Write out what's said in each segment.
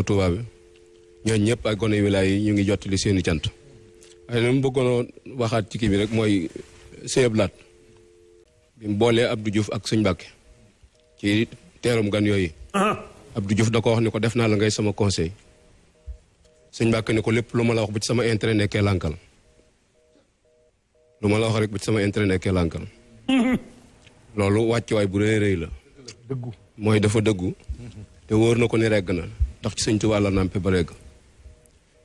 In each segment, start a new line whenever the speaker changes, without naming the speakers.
Touba bi ñooñu ñëpp ak gone wilaay yi ñu ngi jottali seen i cant waaye li mu bëggoon waxaat ci kii bi rek mooy Sëñ Abdu bi mu boolee ab du Diouf ak suñ Mbàkke ci teerum gan yooyu. Uh-huh. ab du Diouf da ko wax ni ko def naa la ngay sama conseil Sëñ Mbàkke ni ko lépp lu ma la wax bu ci sama intérêt nekkee lànkal lu ma la wax rek bu ci sama intérêt uh-huh. loolu wàccuwaay bu rëy rëy la. mooy dafa dëggu. Uh-huh. te wóor na ko ni regg na. ndax ci sëñ Tuubaa la nàmpe ba léegi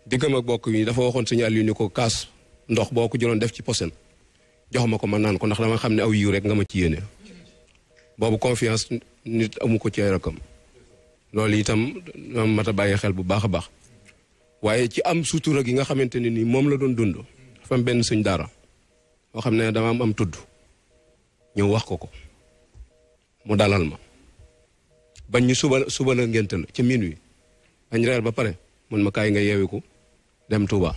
diggam ak bokk yi dafa waxoon sëñ Aliou ko kaas ndox boo ko jëloon def ci posen jox ma ko ma naan ko ndax dama xam ne aw yiw rek nga ma ci yéene boobu confiance nit amu ko ci ay rakam loolu itam mat a bàyyi xel bu baax a baax waaye ci am sutura gi nga xamante ne ni moom la doon dund dafa am benn sëñ daara moo xam ne dama am am tudd ñëw wax ko ko mu dalal ma bañ ñu suba suba la ngénte la ca wi añ reer ba pare mun ma kaay nga yeewiku dem Touba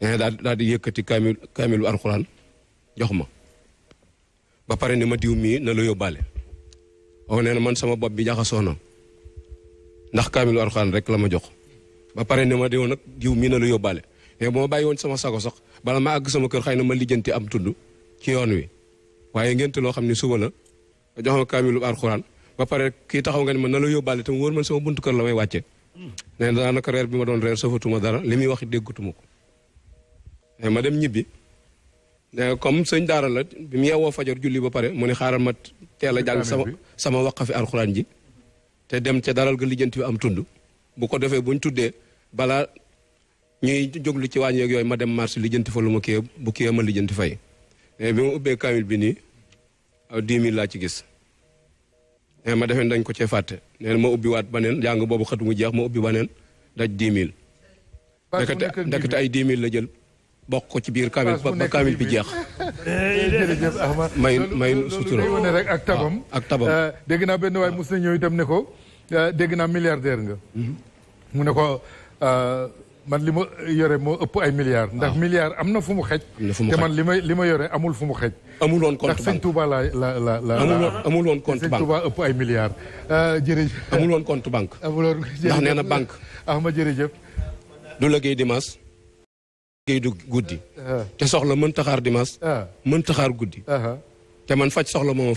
nee daal daal di yëkkati kaamil kaamilu alxuraan jox ma ba pare ni ma diw mii na la yóbbaale oo nee na man sama bopp bi jaxasoo ndax kaamilu alxuraan rek la ma jox ba pare ni ma diw nag diw mii na la yóbbaale mais bu bàyyi woon sama sago sax bala ma àgg sama kër xay na ma lijjanti am tudd ci yoon wi waaye ngénte loo xam ni suba la jox ma kaamilu alxuraan ba pare kii taxaw nga ne ma na la yóbbaale tam wóor man sama buntu kër la may wàcce nee na daanaka reer bi ma doon reer safatuma dara li muy wax déggatuma ko ma dem ñibbi comme sëñ daara la bi mu yeewoo fajar julli ba pare mu ne xaaral ma teel a jàng sama sama waqafi alxuraan ji te dem ca daral ga lijjanti bi am tudd bu ko defee buñ tuddee balaa ñuy jóglu ci waañ yooyu ma dem marché lijjanti fa lu ma kii bu kii ma lijjanti fay bi ma ubbee kaamil bi nii dix mille laa ci gis nee eh, ma defeen dañ ko cee fàtte nee na ma ubbi waat baneen jàng boobu xatu mu jeex ma ubbi baneen daj dix mille ndekete ay dix mille la jël bokk ko ci biir kaamil ba kaamil bi jeex.
Eh, jërëjëf Ahmad may may sutura loolu rek ak tabam ah, eh, dégg naa benn waay ah. mos na ñëw itam ne ko dégg naa milliardaire nga. Mhm. mu ne ko man li ma yore moo ëpp ay milliards. ndax ah. milliards am na fu mu xej te man li may li ma yore amul fu mu xej amuloon woon compte banque ndax sëñ la la la la. amul woon compte banque ëpp ay milliards. Euh, jërëjëf amul woon compte banque. amul woon ndax nee na banque.
ah ma jërëjëf. du liggéey dimanche. liggéey du
guddi. Ah. te soxla mën taxaar dimanche. Ah. mën xaar guddi. te man faj soxla moom